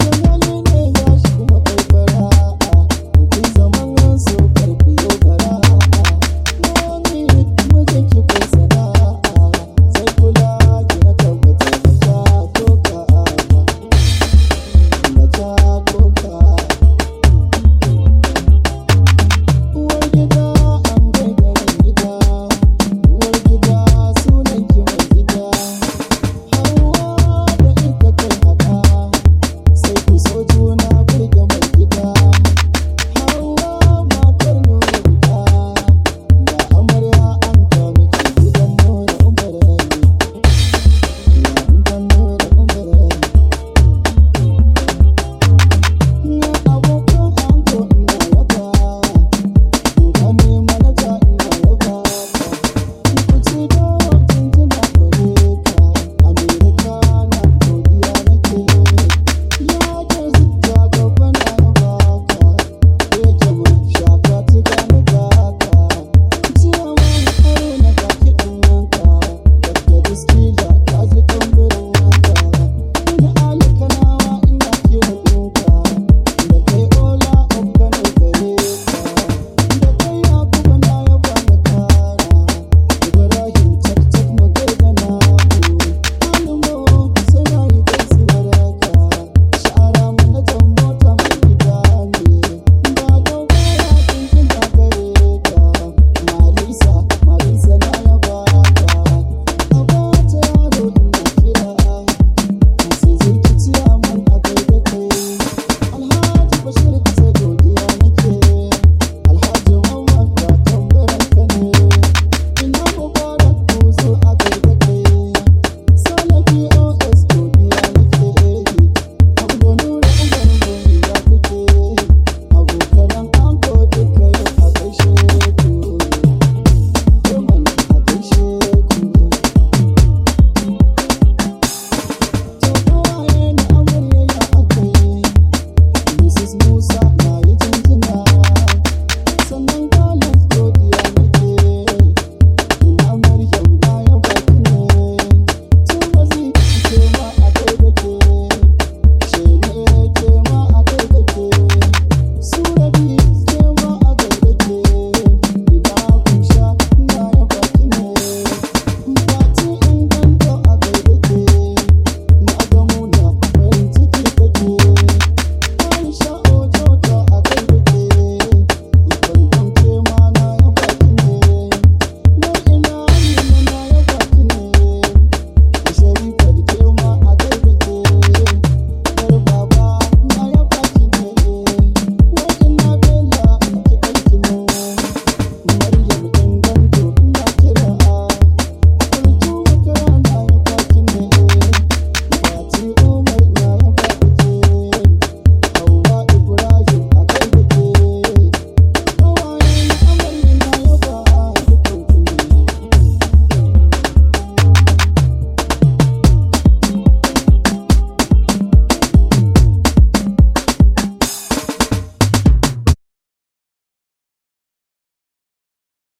you